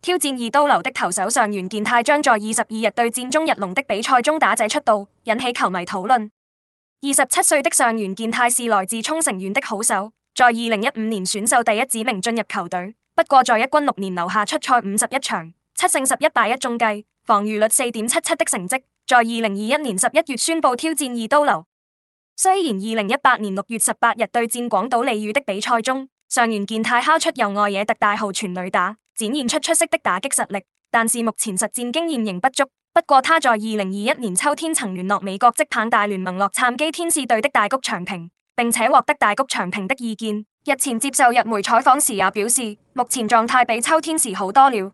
挑戰二刀流的投手上原健太將在二十二日對戰中日龍的比賽中，打者出道，引起球迷討論。二十七歲的上原健太是來自沖繩縣的好手，在二零一五年選秀第一指名進入球隊，不過在一軍六年留下出賽五十一場，七勝十一敗一中計，防禦率四點七七的成績，在二零二一年十一月宣布挑戰二刀流。雖然二零一八年六月十八日對戰廣島鯉魚的比賽中，上原健太敲出右外野特大號全壘打。展現出出色的打擊實力，但是目前實戰經驗仍不足。不過他在二零二一年秋天曾聯絡美國職棒大聯盟洛杉磯天使隊的大谷長平，並且獲得大谷長平的意見。日前接受日媒採訪時也表示，目前狀態比秋天時好多了。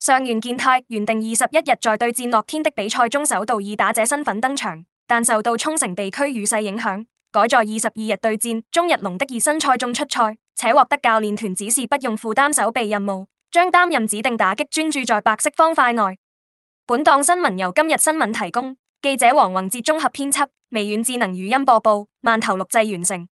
上原健太原定二十一日在對戰樂天的比賽中，首度以打者身份登場，但受到沖繩地區雨勢影響，改在二十二日對戰中日龍的熱身賽中出賽，且獲得教練團指示不用負擔守備任務。將擔任指定打擊，專注在白色方塊內。本檔新聞由今日新聞提供，記者黃宏哲綜合編輯，微軟智能語音播報，饅頭錄製完成。